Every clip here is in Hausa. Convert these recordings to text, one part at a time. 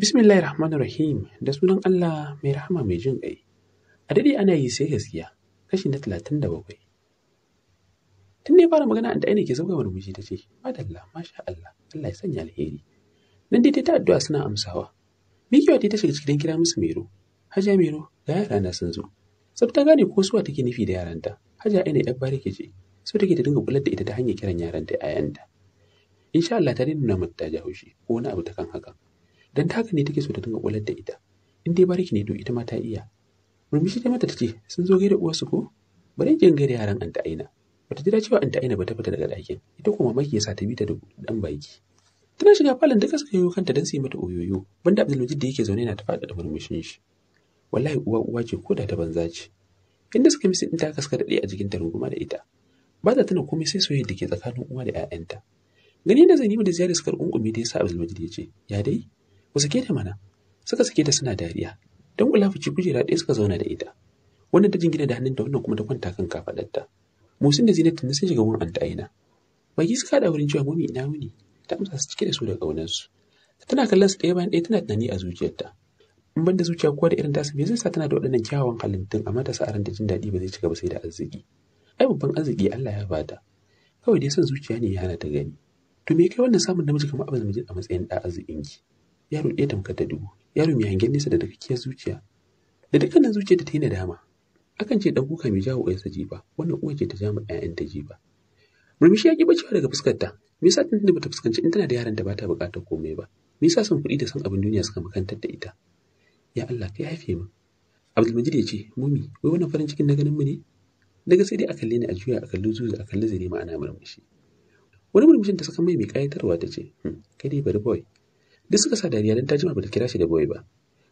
Bismillahir Rahmanir Rahim da sunan Allah mai rahama mai jin ƙai. A daɗe ana yi sai gaskiya, kashi na talatin da bakwai. Tun ne fara magana da ainihin ke sauka murmushi ta ce, Madalla, masha Allah, Allah ya sanya alheri. Nan dai ta addu'a suna amsawa. Mikiwa ta shiga cikin kira musu Mero. Hajiya Mero, ga yara na sun zo. Sabu ta gane ko suwa take nufi da yaranta. Hajiya aina yar ke ce, so ke ta dinga kula da ita ta hanyar kiran yaran yaranta 'ya'yanta. Insha Allah ta daina nuna mata ta ko wani abu ta kan hakan. dan ta haka ne take so ta dinga kular da ita in dai bariki ne to ita ma ta iya murmushi ta mata tace sun zo gaida su ko bari in gaida yaran anta aina bata jira cewa anta aina bata fita daga ɗakin ita kuma mamaki ya sa ta bi ta da dan baki tana shiga falon duka suka yi kanta dan su yi mata oyoyo banda Abdulmajid da yake zaune yana ta faɗaɗa da murmushin shi wallahi uwa uwa ce ko da ta banza ce inda suka misi ta kaska dade a jikin runguma da ita ba ta tana komai sai soyayya da ke tsakanin uwa da 'ya'yanta gani da zanima da ziyarar suka rungume da yasa Abdulmajid ya ce ya dai ku sake ta mana suka sake ta suna dariya Don kula kulafuci kujera ɗaya suka zauna da ita wannan ta jingina da hannunta wannan kuma ta kwanta kan kafaɗarta musin da zinat tunda sai shiga wurin anta aina baki suka haɗa wurin cewa mami ina wuni ta amsa su cike da su da ƙaunarsu tana kallon su ɗaya bayan ɗaya tana tunani a zuciyarta in da zuciya kowa da irin tasa me zai sa tana da waɗannan kyawawan halittun amma ta sa a ranta jin daɗi ba zai cika ba sai da arziki ai babban arziki Allah ya bata kawai dai son zuciya ne ya hana ta gani to me kai wannan samun namiji kamar abin a matsayin da arzikin ki yaro ɗaya tamkar da dubu yaro mai hangen nesa da dakakkiyar zuciya da dukkanin zuciya da ta yi nadama akan ce dan kuka mai jawo uwarsa jiba wannan uwa ce ta ja ma ta jiba murmushi ya ƙi bacewa daga fuskar ta me yasa tun da bata fuskanci in tana da yaran da bata buƙatar komai ba me yasa son kuɗi da son abin duniya suka makantar da ita ya Allah kai haife mu Abdulmajid ya ce mumi wai wannan farin cikin na ganin mu ne daga sai dai a kalle ni a juya a kalli zuzu a kalli zare ma ana murmushi wani murmushin ta saka mai mai kayatarwa ta ce hmm, kai dai bari boy duk suka sa dariya don ta jima ba ta kira shi da boy ba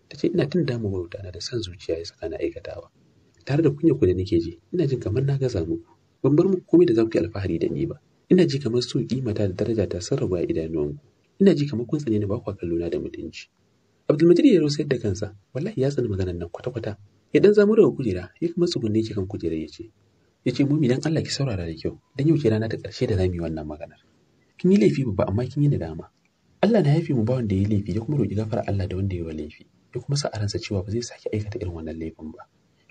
ta ce ina tun damu wauta na da san zuciya ya saka na aikatawa tare da kunya ku da nake ji ina jin kamar na gaza mu ban bar muku komai da za ku yi alfahari da ni ba ina ji kamar su mata da daraja ta sarrafa ku. ina ji kamar kun tsane ni ba ku kallona da mutunci Abdulmajid ya rusayar da kansa wallahi ya tsani maganar nan kwata-kwata ya dan zamu rawa kujera ya kuma tsugunne ki kan kujera ya ce ya ce mumi dan Allah ki saurara da kyau dan yau ce rana ta karshe da zamu yi wannan maganar kin yi laifi babba amma kin yi nadama Allah na haifi mu ba wanda ya laifi ya kuma roƙi gafara Allah da wanda ya wa laifi ya kuma sa a ransa cewa ba zai sake aikata irin wannan laifin ba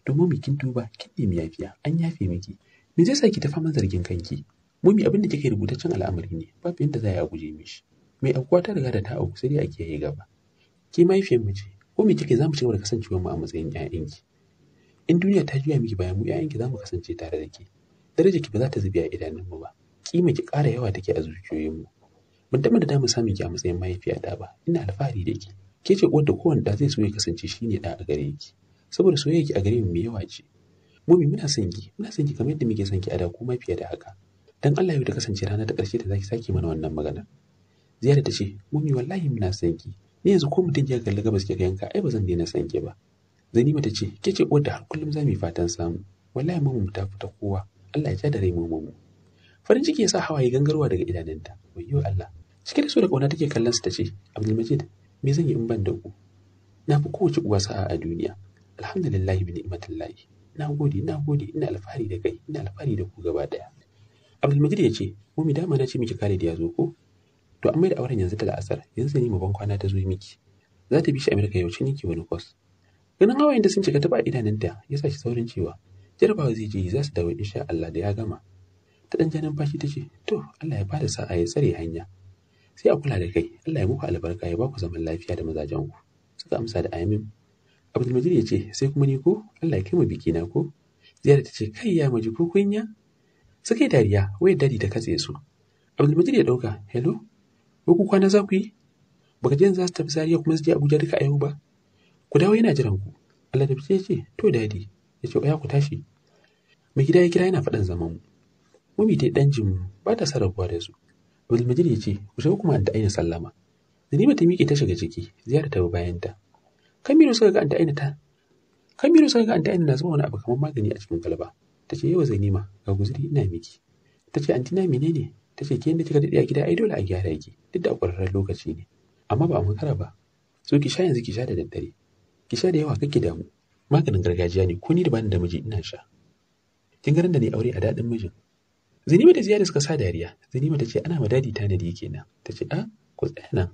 domin mu kin duba kin nemi yafiya an yafe miki me zai sa ki ta faman zargin kanki mumi abin da kike rubutaccen al'amari ne babu yadda za a guje mishi mai aukuwa ta riga da ta auku sai dai a kiyaye gaba ki mahaifiyar mu ce ko me kike zamu ci da kasancewar mu a matsayin ƴaƴanki in duniya ta juya miki bayan mu ƴaƴanki zamu kasance tare da ke darajar ki ba za ta zube a idanun mu ba kima ki ƙara yawa take a zuciyoyin mu ban taɓa da damar samun ki a matsayin mahaifiyata ba ina alfahari da ke. ke ce uwar da kowanne da zai so ya kasance shi ne ɗa a gare ki saboda soyayya ki a gare mu mai yawa ce mu muna son ki muna son ki kamar yadda muke son ki a da kuma fiye da haka dan Allah ya yi ta kasance rana ta ƙarshe da zaki sake mana wannan magana ziyara ta ce mummy wallahi muna son ki ni yanzu ko mutum ya kalli gabas ka yanka ai ba zan daina son ki ba zanima ta ce ke ce uwar da har kullum za mu yi fatan samu wallahi mu ta fita kowa Allah ya ja da rai mu mu farin ciki ya sa hawaye gangarwa daga idanunta wayyo Allah cike da so da kauna take kallon su tace Majid, me zan yi in ban da ku na fi kowace uwa sa'a a duniya alhamdulillahi bi ni'matillahi na gode na gode ina alfahari da kai ina alfahari da ku gaba daya Majid ya ce mi dama na ce miki da ya zo ko to an da auren yanzu ta la'asar yanzu ne mu ban kwana ta zo miki za ta bi shi amirka yau ne ke wani kwas ganin hawayen da sun cika ta ba idanunta ya sa shi saurin cewa jarabawa zai je za su dawo insha Allah da ya gama ta ɗan janin fashi ta ce to Allah ya ba da sa'a ya tsare hanya sai a kula da kai Allah ya muku albarka ya ba zaman lafiya da mazajen ku suka amsa da amin majid ya ce sai kuma ni ko Allah ya kai mu biki na ko Ziyara ta ce kai ya maji ko kunya suka yi dariya wai dadi ta katse su majid ya dauka hello ko ku kwana za ku yi baka jin za su tafi Zariya kuma su je Abuja duka a yau ba ku dawo yana jiran ku Allah da fice ce to dadi ya ce ya ku tashi mai gida ya kira yana faɗan zaman mu Momi ta yi ɗan ba ta sarrafuwa da su. Abdulmajid ya ce ku shigo kuma anta aina sallama. Zanima ta miƙe ta shiga ciki ziyara ta bi bayanta. Kamiru suka ga anta aina ta Kamiru suka ga anta aina na zuba wani abu kamar magani a cikin kalba. Ta ce yawa Zainima, ga guzuri ina miki. Ta ce na menene? Ta ce ki yadda kika daɗe a gida ai dole a gyara ki duk da ƙwararren lokaci ne. Amma ba a makara ba. So ki sha yanzu ki sha da daddare. Ki sha da yawa kake damu. Maganin gargajiya ne ko ni da bani da miji ina sha. Kin garin da ni aure a daɗin mijin Zinima da ziyara suka sa dariya. Zinima ta ce ana ma dadi tanadi kenan. Ta ce a ah, ku tsaya nan.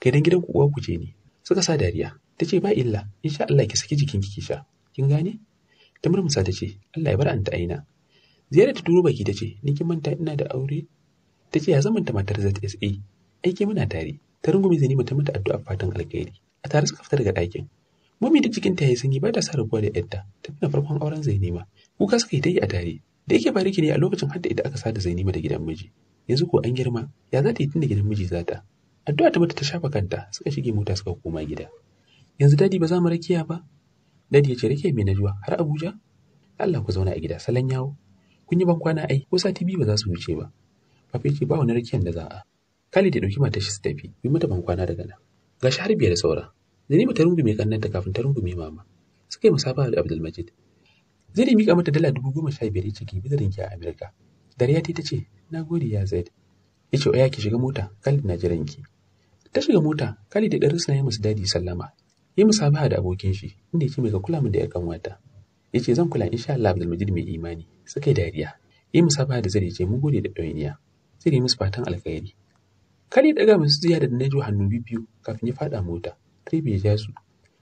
Kai dan gidan ku uwa ku je ne. Suka sa dariya. Ta ce ba illa insha Allah ki saki jikin ki sha. Kin gane? Ta murmusa ta ce Allah ya bar an ta aina. ziyara ta turo baki ta ce ni kin manta ina da aure. Ta ce ya zamanta matar ZSA. Aiki muna tare. Ta rungume Zinima ta mata addu'a fatan alkhairi. A tare suka fita daga ɗakin. Mami da jikinta ya yi sanyi ba ta sa rabuwa da yarta Ta tuna farkon auren Zainima. Kuka suka yi ta yi a tare. da yake bariki ne a lokacin hadda ita aka sada Zainaba da gidan miji yanzu ko an girma ya za ta yi tunda gidan miji za ta addu'a ta mata ta shafa kanta suka shige mota suka koma gida yanzu dadi ba za mu rakiya ba dadi ya ce rakiya mai najuwa har Abuja Allah ku zauna a gida salon yawo kun yi ban kwana ai ko sati biyu ba za su wuce ba Fafi ce ba wani rakiyan da za a kali ya dauki matar shi su tafi yi mata ban kwana daga nan gashi har biyar da saura Zainaba ta rungume kannanta kafin ta rungume mama suka yi musafa da Abdulmajid zai ya miƙa mata dala dubu goma sha biyar ya ce ki bizirin ki a Amerika. Dariya ta ce na gode ya Zaid. Ya ce oya ki shiga mota Khalid na jiran ki. Ta shiga mota Khalid da ɗarinsa ya musu dadi sallama. Ya musabaha da abokin shi inda ya ce mai ka kula min da ya kanwata. Ya ce zan kula insha Allah Abdulmajid mai imani. Suka yi dariya. Ya musabaha da Zaid ya ce mun gode da ɗawainiya. zai yi musu fatan alkhairi. Khalid ɗaga musu ziya da Najo hannu biyu kafin ya faɗa mota. Direba ya ja su.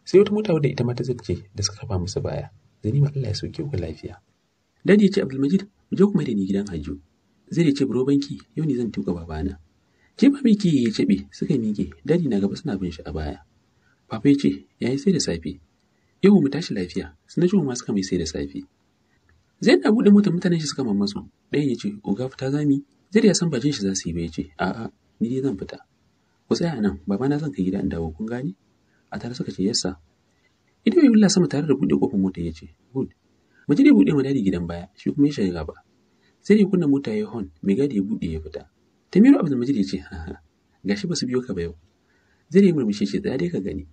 Sai wata mota wadda ita ma ta ce da suka kafa musu baya. da Allah ya sauke ku lafiya dadi ya ce Abdulmajid mu je kuma da ni gidan Hajju zai ce buro banki yau ne zan tuka babana jefa ba miki ya cebe suka miƙe dadi na gaba suna bin shi a baya papa ya ce yayi sai da safe yau mu tashi lafiya suna ji ma suka mai sai da safe zai da buɗe motar mutanen shi suka mammasu. ɗayan ya ce oga fita zami zai ya san bajin shi za su yi ba ya ce a'a ni dai zan fita ku tsaya nan babana zan kai gida in dawo kun gani. a tare suka ce yassa Idan mai wulla sama tare da buɗe ƙofar mota ya ce, Good, mu je buɗe ma dadi gidan baya, shi kuma ya shiga gaba. Sai ya kunna mota ya hon, mai gadi ya buɗe ya fita. Tamiru Abdul Majid ya ce, ga gashi ba su biyo ka ba yau. Zai yi murmushi ce, tsaya dai ka gani.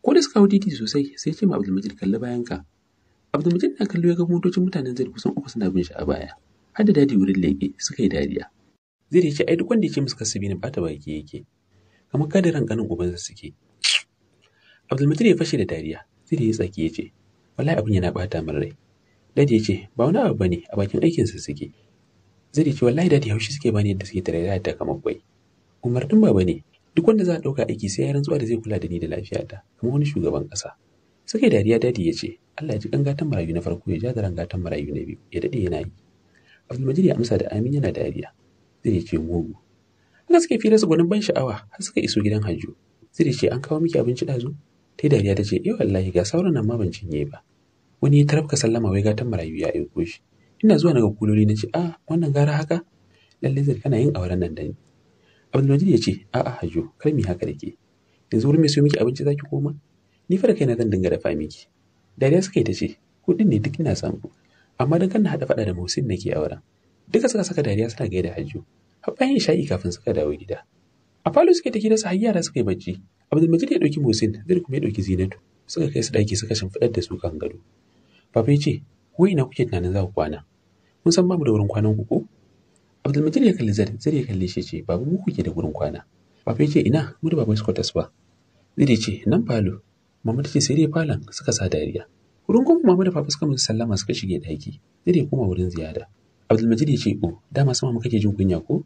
Ko da suka hau titi sosai, sai ce ma Abdul Majid kalli bayan ka. Abdul Majid na kallo ya ga motocin mutanen zai kusan uku suna bin shi a baya. Har da dadi wurin leƙe suka yi dariya. Zai ce, ai duk wanda ya ce musu kasabi na ɓata baki yake. Kamar ran ganin ubansa suke. Abdulmutir ya fashe da dariya, sai da ya tsaki ya ce, wallahi abin yana bata min rai. Dadi ya ce, ba wani abu ba ne? a bakin aikinsa suke. Zai ce wallahi dadi haushi suke bani yadda suke tare da kamar kwai. Umarnin baba ne, duk wanda za a ɗauka aiki sai ya rantsuwa da zai kula da ni da lafiyata, kamar wani shugaban ƙasa. Suka yi dariya dadi ya ce, Allah ya ji kan marayu na farko ya ja da gatan marayu na biyu, ya daɗe yana yi. Abdulmajid ya amsa da amin yana dariya. Zai ce mugu. Haka suke fira su gwanin ban sha'awa har suka iso gidan Hajju. Zai ce an kawo miki abinci ɗazu? ta dariya ta ce eh wallahi ga sauran nan ma ban cinye ba wani ya tarafka sallama wai gatan marayu ya aiko shi ina zuwa naga kuloli na ce a ah, wannan gara haka lalle zai kana yin auren nan da ni abdulmajid ya ce a a hajo kar mi haka da ke yanzu wurin mai so miki abinci zaki koma ni fara kaina zan dinga dafa miki dariya suka yi ta ce kuɗin ne duk ina samu amma dan kan na hada faɗa da musin nake auren duka suka saka dariya suna gaida hajo har bayan sha'i kafin suka dawo gida a falo suke take da su har suka yi bacci Abdulmajid ya ɗauki Musin, Zai kuma ya ɗauki Zinatu. Suka kai su ɗaki suka shimfiɗar da su kan gado. Baba ya ce, Ko ina kuke tunanin za ku kwana? Mun san mu da wurin kwanan ku ko?" Abdulmajid ya kalli Zai, zari ya kalli shi ce, "Baba mu kuke da wurin kwana." Baba ya ce, "Ina, mu da baba su kwatas ba." Zai ce, "Nan falo." Mama ta ce, "Sai dai falon suka sa dariya." Wurin kuma mama da papa suka musu sallama suka shige ɗaki. Zai ya koma wurin ziyara. Abdulmajid ya ce, "Oh, dama sama mu kake jin kunya ko?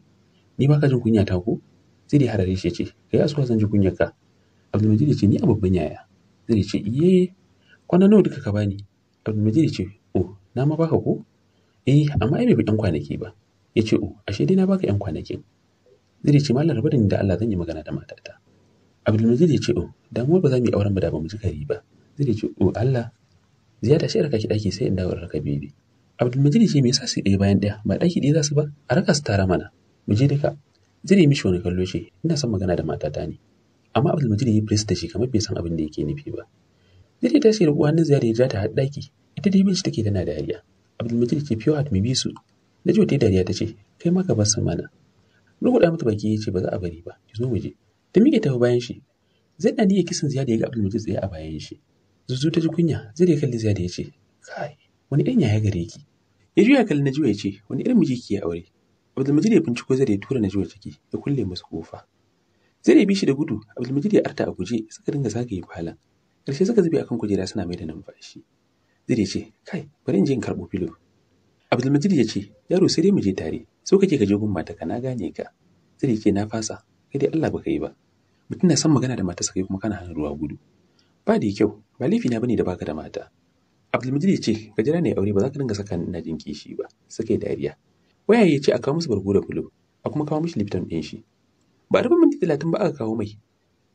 Ni ba ka jin kunya ta ko?" Zai harare shi ya ce, "Kai asuwa zan ji kunyar ka." Abdulmajid ya ce ni a babban yaya zai ce iye eh, kwana nawa duka ka bani Abdulmajid ya ce oh na ma baka ko eh amma ai bai fi yan kwanaki ba ya ce o oh, ashe dai na baka yan kwanakin zai ce mallam rabu da ni da Allah zan yi magana da matata Abdulmajid ya ce oh damuwar ba za mu yi auren mu da ba mu ji kari ba zai ce oh Allah ziyarta shi raka ki daki sai in dawo raka bebe Abdulmajid ce me yasa su ɗaya bayan ɗaya ba ɗaki ɗaya za su ba a raka su tara mana mu je duka zai mishi wani kallo ce ina son magana da matata ne amma Abdulmajid ya yi press da shi kamar bai san abin da yake nufi ba zai ta shi rubuwa hannun ziyara ya ja ta har ɗaki ita dai bin shi take tana dariya Abdulmajid ce fiyo hat mai su da jiwa ta dariya ta ce kai ma ka bar su mana rubuɗa mata baki ya ce ba za a bari ba ki zo mu je ta miƙe ta bayan shi zai ɗani ya kisan ziyara ya ga Abdulmajid tsaye a bayan shi zuzu ta ji kunya zai da kalli ziyara ya ce kai wani irin yaya gare ki ya juya kalli na jiwa ya ce wani irin miji ke aure Abdulmajid ya binciko zai ya tura jiwa ciki ya kulle musu kofa Zai bi shi da gudu, Abdulmajid ya arta a guje suka dinga zagaye falon. Ƙarshe suka zube akan kujera suna mai da numfashi. Zai ce, "Kai, bari in je in karɓo filo." Abdulmajid ya ce, "Yaro sai dai mu je tare, so kake ka je gun ka na gane ka." Zai ce, "Na fasa, kai dai Allah baka yi ba." Mutum na son magana da mata sakai kuma kana hana ruwa gudu. Ba da kyau, ba laifi na bane da baka da mata. Abdulmajid ya ce, "Ka jira ne aure ba za ka dinga saka ina jin kishi ba." Suka yi dariya. Waya ya ce a kawo musu bargo da fulo, a kuma kawo mishi lifton ɗin shi. ba a rufe minti talatin ba aka kawo mai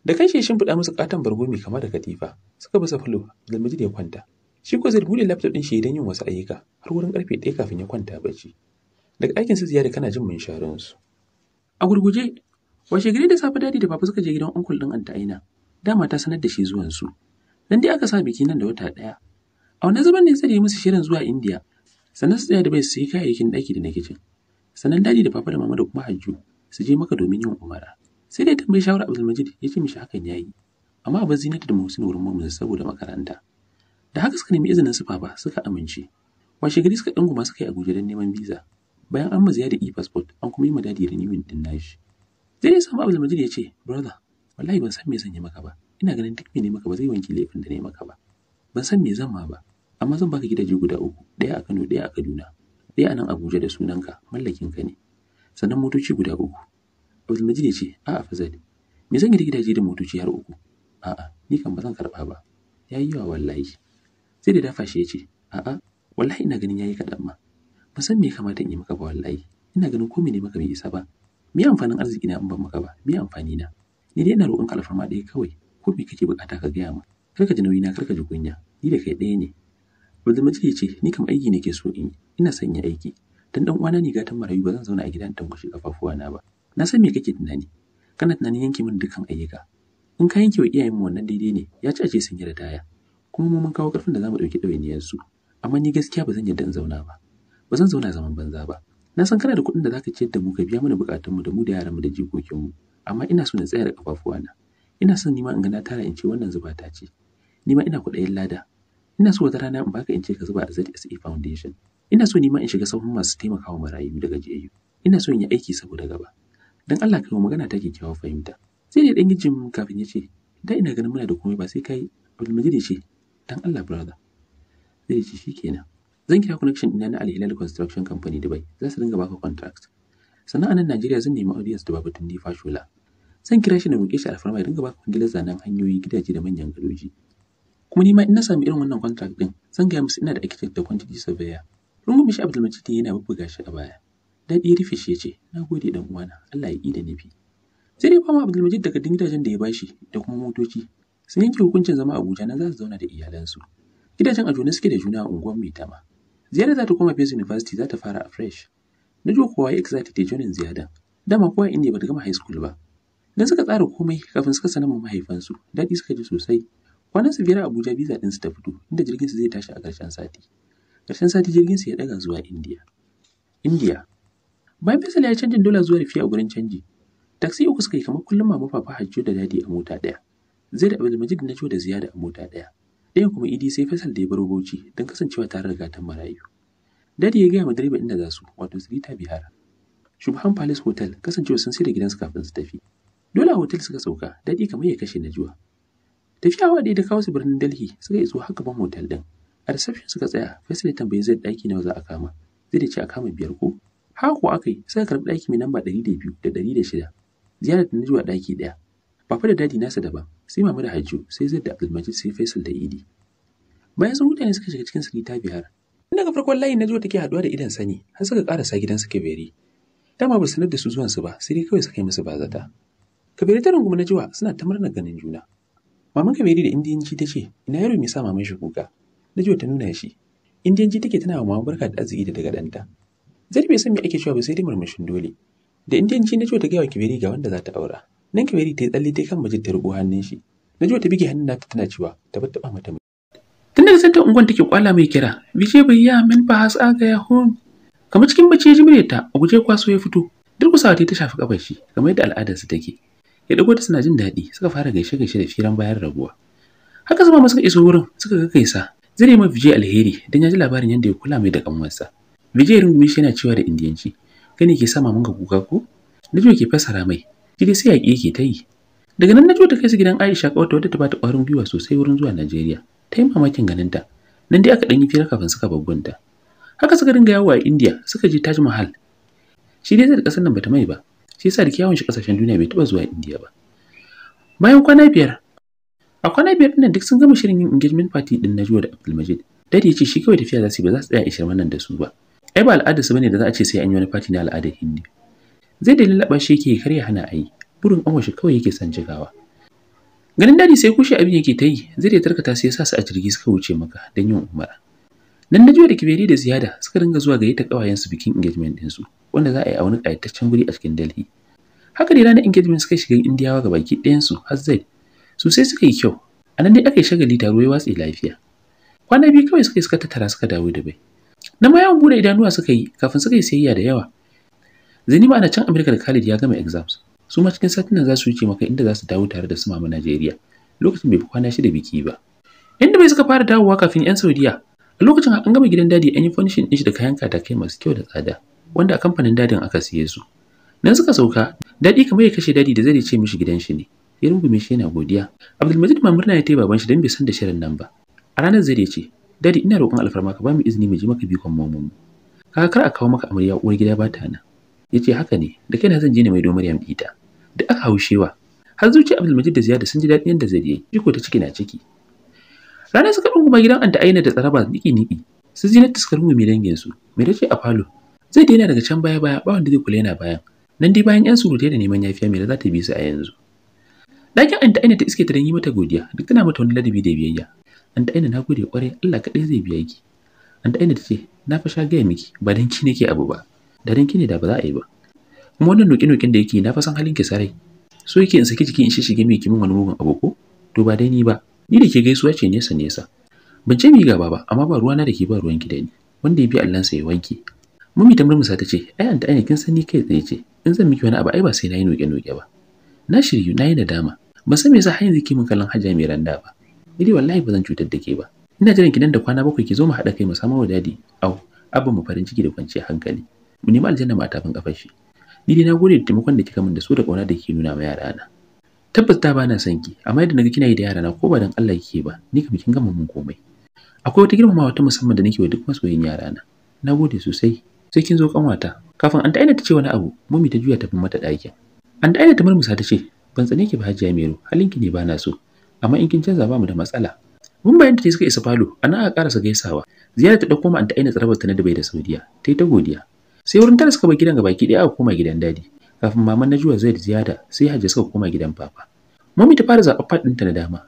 da kan shi shimfiɗa musu ƙaton bargo mai kama da katifa suka basa bisa fulo da ya kwanta shi ko zai buɗe laptop ɗin shi don yin wasu ayyuka har wurin ƙarfe ɗaya kafin ya kwanta bacci daga aikin su ziyara kana jin munsharin su a gurguje washe gari da safe dadi da baba suka je gidan uncle ɗin anta aina dama ta sanar da shi zuwan su dan dai aka sa biki nan da wata ɗaya a wannan zaman ne sai da yi musu shirin zuwa indiya sannan su tsaya da bai su yi kayayyakin ɗaki da na kicin sannan dadi da papa da mama da kuma hajju su je maka domin yin umara sai dai tambayi shawara majid ya ce mishi hakan ya yi amma abin zinata da muhsin wurin mumin saboda makaranta da haka suka nemi izinin su baba suka amince washe gari suka danguma suka yi abuja don neman biza bayan an maziya da e-passport an kuma yi ma dadi renewing din nashi zai dai samu majid ya ce brother wallahi ban san me zan yi maka ba ina ganin duk me ne maka ba zai wanke laifin da ne maka ba ban san me zan ma ba amma zan baka gidaje guda uku ɗaya a Kano ɗaya a Kaduna ɗaya a nan Abuja da sunanka mallakin ka ne sannan motoci guda uku abdulmajid ya ce a'a fazali me zan yi da gidaje da motoci har uku a'a ni kam ba zan karɓa ba ya yi yawa wallahi sai da dafa shi ya ce a'a wallahi ina ganin ya yi kaɗan ma ba san me kamata in yi maka ba wallahi ina ganin ko ne maka bai isa ba me amfanin arziki na in ban maka ba me amfani na ni dai ina roƙon ka alfarma ɗaya kawai ko me kake buƙata ka gaya ma? kar ka ji nauyi na kar ka ji kunya ni da kai ɗaya ne Abdulmajid ya ce ni kam aiki nake so in yi ina son yi aiki tun dan uwana ne gatan marayu ba zan zauna a gidan tankwashe kafafuwa na ba na san me kake tunani kana tunanin yanke min dukkan ayyuka in ka yanke wa iyayenmu wannan daidai ne ya ci aje sun yi ritaya kuma mu mun kawo karfin da zamu dauki ɗawainiyar su amma ni gaskiya ba zan yarda in zauna ba ba zan zauna zaman banza ba na san kana da kuɗin da zaka ciyar da mu ka biya mana mu da mu da yaranmu da jikokin mu amma ina so na tsaya da na ina son nima in ga na tara in ce wannan zuba ta ce nima ina kuɗayen lada ina so wata rana in baka in ce ka zuba a ZSE Foundation ina so nima in shiga sauran masu taimakawa marayu da gajiyayyu ina so in yi aiki saboda gaba dan Allah kai magana ta kyakkyawar fahimta sai dai dan gijin kafin ya ce da ina ganin muna da komai ba sai kai Abdulmajid ya ce dan Allah brother zai ce shikenan zan kira connection ina na Al-Hilal Construction Company Dubai za su dinga baka contract sannan a nan Najeriya zan nemi audience da Babatun Di Fashola zan kira shi na roƙe shi alfarma ya dinga baka kwangilar zanen hanyoyi gidaje da manyan gadoji kuma ni ma in na sami irin wannan contract din zan gaya musu ina da architect da quantity surveyor Rungumishi Abdulmajid yana bubbuga shi a baya. Daɗi rufe shi ya ce, Na gode ɗan uwana, Allah ya ƙi da nufi. Sai dai fama Abdulmajid daga gidajen da ya bashi da kuma motoci sun yanke hukuncin zama Abuja na za su zauna da iyalansu. Gidajen a juna suke da juna a unguwar Maitama. Ziyarar za ta koma Fes University za ta fara a fresh. Na jo kowa ya excited ta jonin ziyadan. Dama kowa inda ba ta gama high school ba. Dan suka tsara komai kafin suka sanar ma mahaifansu, daɗi suka ji sosai. Kwanan su biyar Abuja visa ɗinsu ta fito, inda jirgin su zai tashi a ƙarshen sati. Ƙarshen sati jirgin su ya daga zuwa Indiya. Indiya. Bayan Faisal ya canjin dola zuwa rufiya a gurin canji, taksi uku suka yi kamar kullum mama papa hajjo da dadi a mota ɗaya. Zai da majid na da ziyara a mota ɗaya. Ɗayan kuma idi sai Faisal da ya baro Bauchi don kasancewa tare da gatan marayu. Dadi ya gaya ma direba inda za su, wato Sirita Bihar. Shubham Palace Hotel kasancewa sun sai da gidansu kafin su tafi. Dole a hotel suka sauka, dadi kamar ya kashe na juwa. Tafiya wa da kawo su birnin Delhi suka iso har gaban hotel ɗin. a reception suka tsaya faisal ya tambayi zai ɗaki nawa za a kama zai da ce a kama biyar ko haka ko aka yi suka karɓi ɗaki mai namba ɗari da biyu da ɗari da shida ziyarar na zuwa ɗaki ɗaya fa da dadi nasa daban, sai mama da Hajju, sai Zaid da Abdulmajid, sai Faisal da Idi. Bayan sun huta ne suka shiga cikin sirri biyar. Inda ga farkon layin zuwa take haduwa da idan sani, har suka karasa gidan su beri Dama ba sanar da su zuwan su ba, sai dai kawai suka yi musu bazata. Kaberi ta rungumi jiwa suna ta murna ganin juna. Maman Kaberi da Indiyanci ta ce, "Ina yaro mai sa maman shi kuka?" Najwa ta nuna shi. Indiyan ji take tana wa mama barka da arziki da daga ɗanta. Zai bai san me ake cewa ba sai dai murmushin dole. Da Indiyan ji Najwa ta gaya wa kibiri ga wanda za ta aura. Nan Kiberi ta yi tsalle ta kan majid ta riƙo hannun shi. Na ji ta bige hannun nata tana cewa ta bar taɓa mata Tun daga ta unguwan take kwala mai kira, bai bayya min ba has ga ya Kamar cikin bacci ya ji ta, a guje kwaso ya fito. Durkusawa ta ta shafi kafar shi, kamar yadda al'adarsa take. Ya dago ta suna jin daɗi, suka fara gaishe-gaishe da firan bayan rabuwa. Haka zama suka iso wurin, suka ga kaisa, Zai ma Vijay alheri don ya ji labarin yadda ya kula mai da kanwarsa. Vijay rungumi shi yana cewa da indiyanci. Gani ke sama mun ga kuka ko? Najo ke fasara mai. Kidi sai yaƙi yake ta yi. Daga nan Najo ta kai su gidan Aisha ƙawarta wadda ta ba ta ƙwarin gwiwa sosai wurin zuwa Najeriya. Ta yi mamakin ganinta. Nan dai aka ɗan yi fira kafin suka ta. Haka suka dinga yawo a Indiya suka je Taj Mahal. Shi dai zai ƙasar nan bata mai ba. Shi yasa da kyawun shi ƙasashen duniya bai taɓa zuwa Indiya ba. Bayan kwana biyar, a kwana biyar ɗin duk sun gama shirin yin engagement party ɗin na Juwa da Abdulmajid dadi ya ce shi kawai tafiya za su yi ba za su tsaya a ishirman nan da su ba ai ba al'ada su bane da za a ce sai an yi wani party na al'adar Hindi zai da lallaba shi yake kar ya hana a yi. burin amashi kawai yake son jigawa ganin dadi sai kushe abin yake ta yi zai da tarkata sai ya sa su a jirgi suka wuce maka don yin umara nan na da kiberi da ziyada suka ringa zuwa kawayen ƙawayensu bikin engagement su wanda za a yi a wani ƙayataccen guri a cikin delhi haka dai ranar engagement suka shiga indiyawa ga baki ɗayansu har sosai suka yi kyau a nan dai aka yi shagali taro ya watsi lafiya kwana biyu kawai suka yi suka tattara suka dawo da bai na ma yawan bude idanuwa suka yi kafin suka yi sayayya da yawa Zinima ana can Amerika da Khalid ya gama exams su ma cikin satin nan za su wuce maka inda za su dawo tare da sumama Najeriya lokacin bai fi kwana shida biki ba inda bai suka fara dawowa kafin 'yan Saudiya a lokacin an gama gidan dadi an yi furnishin ɗin shi da kayan katakai masu kyau da tsada wanda a kamfanin dadin aka siye su nan suka sauka dadi kamar ya kashe dadi da zai ce mishi gidan shi ne ya rungume shi yana godiya abdulmajid ma murna ya taya baban shi dan bai san da shirin nan ba a ranar zai ce dadi ina roƙon alfarma ka ba mu izini mu je maka bikon mu kaga kar a kawo maka amarya uwar gida ba ta nan yace haka ne da na zan je ne mai domar Maryam ita da aka haushewa har zuci Abdulmajid da ziyada sun ji daɗin yadda zai yi jiko ta ciki na ciki ranar suka ma gidan Anta Aina da Tsaraba niki niki su zinat mu mai dangin su me dace a falo zai daina daga can baya baya ba wanda zai kula yana bayan nan dai bayan yan surutai da neman yafiya da za ta bi su a yanzu Dakin an ta iske ta don yi mata godiya duk tana mata wani ladabi da biyayya. An na gode ƙwarai Allah kaɗai zai biya ki. An ta ce na fa sha gaya miki ba dan ki nake abu ba da dan ki ne da ba za a yi ba. Kuma wannan noki-nokin da yake na fa san halin ki sarai. So yake in saki jiki in shishige mai kimin wani mugun abu ko? To ba dai ni ba ni da ke gaisuwa ce nesa nesa. Ban ce mi gaba ba amma ba ruwana da ke ba ruwan ki da ni wanda ya bi Allahnsa ya wanke. Mummy ta murmusa ta ce ai an ta'aina kin san ni kai tsaye ce in zan miki wani abu ai ba sai na yi noki-noki ba. na shiryu na yi da dama. ban san me yasa har yanzu min kallon hajiya mai randa ba ni dai wallahi ba zan cutar da ke ba ina jiran ki nan da kwana bakwai ki zo mu haɗa kai mu samu wa dadi au abin mu farin ciki da kwanciyar hankali mu nemi aljanna a tafin kafar shi ni dai na gode da taimakon da kika min da su da ƙauna da ke nuna ma yara na tabbas ta bana san ki amma yadda naga kina yi da yara na ko ba dan Allah kike ba ni kam kin gama mun komai akwai wata girmama wata musamman da nake wa duk masoyin yara na gode sosai sai kin zo kanwata kafin an ta aina ta ce wani abu mummy ta juya ta mata ɗakin an da ta murmusa ta ce ban tsane ki ba hajiya mero halinki ne ba na so amma in kin canza ba mu da matsala mun bayan ta suka isa falo ana aka karasa gaisawa ziyara ta dauko ma an daina tsarabar ta na dubai da saudiya ta yi ta godiya sai wurin tara suka bar gidan gabaki ɗaya aka koma gidan dadi kafin maman najuwa zai da ziyara sai hajiya suka koma gidan papa mami ta fara zaɓa fad ɗinta na dama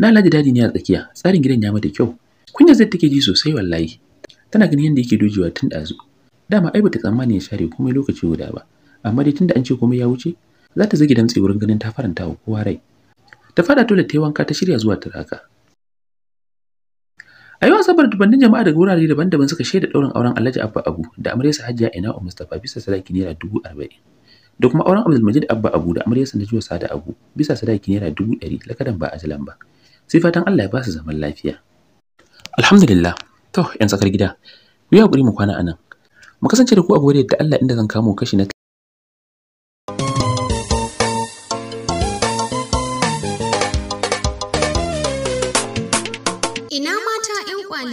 na alhaji dadi ne a tsakiya tsarin gidan ya mata kyau kunya zai take ji sosai wallahi tana ganin yadda yake dojewa tun ɗazu dama ai bata tsammani ya share komai lokaci guda ba amma dai tunda an ce komai ya wuce za ta zage damtse wurin ganin ta faranta wa kowa rai ta fada toilet ta yi wanka ta shirya zuwa turaka a yau asabar dubannin jama'a daga wurare daban-daban suka shaida ɗaurin auren alhaji abba abu da amaryarsa hajiya Umar mustapha bisa sadaki naira dubu arba'in da kuma auren abdulmajid abba abu da amaryarsa Najiwa sada abu bisa sadaki naira dubu ɗari lakadan ba a ajalan ba sai fatan allah ya ba su zaman lafiya alhamdulillah to yan tsakar gida ku yi mu kwana anan mu kasance da ku a gobe da allah inda zan kamo kashi na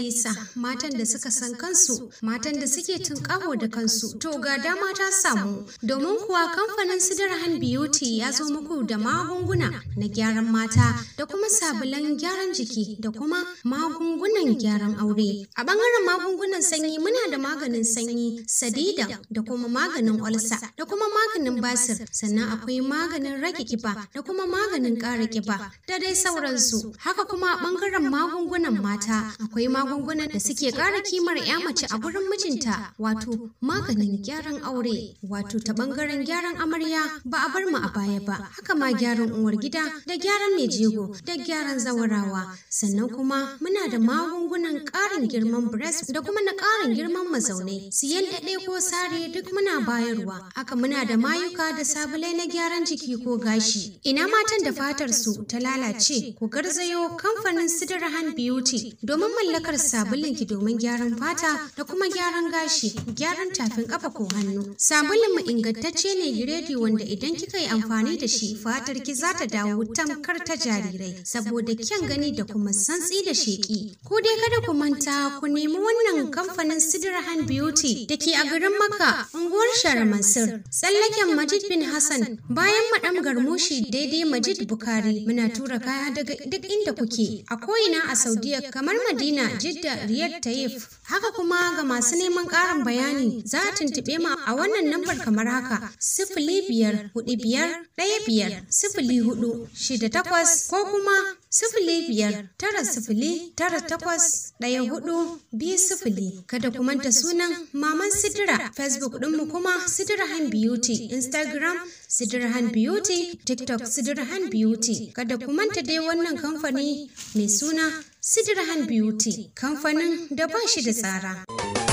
Nafisa, matan da suka san kansu, matan da suke tunƙaho da kansu. To ga dama ta samu, domin kuwa kamfanin Sidirhan Beauty ya zo muku da magunguna na gyaran mata da kuma sabulan gyaran jiki da kuma magungunan gyaran aure. A bangaren magungunan sanyi muna da maganin sanyi, sadida da kuma maganin olsa da kuma maganin basir, sannan akwai maganin rage kiba da kuma maganin ƙara kiba da dai sauransu. Haka kuma a bangaren magungunan mata akwai magungunan magungunan da suke ƙara kimar ya mace a wurin mijinta wato maganin gyaran aure wato ta ɓangaren gyaran amarya ba a bar mu a baya ba haka ma gyaran uwar gida da gyaran mai jego da gyaran zawarawa sannan kuma muna da magungunan ƙarin girman breast da kuma na ƙarin girman mazaunai siyan dade ko sare duk muna bayarwa haka muna da mayuka da sabulai na gyaran jiki ko gashi ina matan da fatar su ta lalace ku garzayo kamfanin sidira hand beauty domin mallakar sabulin ki domin gyaran fata da kuma gyaran gashi, gyaran tafin kafa ko hannu. Sabulin mu ingantacce ne giredi wanda idan kika yi amfani da shi fatar ki za ta dawo tamkar ta jarirai saboda kyan gani da kuma santsi da sheki. ko dai kada ku manta ku nemi wannan kamfanin sidirhan Beauty da ke a garin Makka, unguwar Shara Mansur. Tsallaken Majid bin Hassan bayan madam garmushi daidai Majid Bukari muna tura kaya daga duk inda kuke a ko'ina a Saudiya kamar Madina Jidda Riyad Taif. Haka kuma ga masu neman ƙarin bayani za a tuntuɓe mu a wannan lambar kamar haka sifili biyar hudu biyar ɗaya biyar sifili hudu shida takwas ko kuma sifili biyar tara sifili tara takwas ɗaya hudu biyu sifili. Kada ku sunan Maman Sidira Facebook ɗinmu kuma Sidirahan Beauty Instagram Sidirahan Beauty TikTok Sidirahan Beauty. Kada ku manta dai wannan kamfani mai suna Sidirhan Beauty, kamfanin da ba shi da tsara.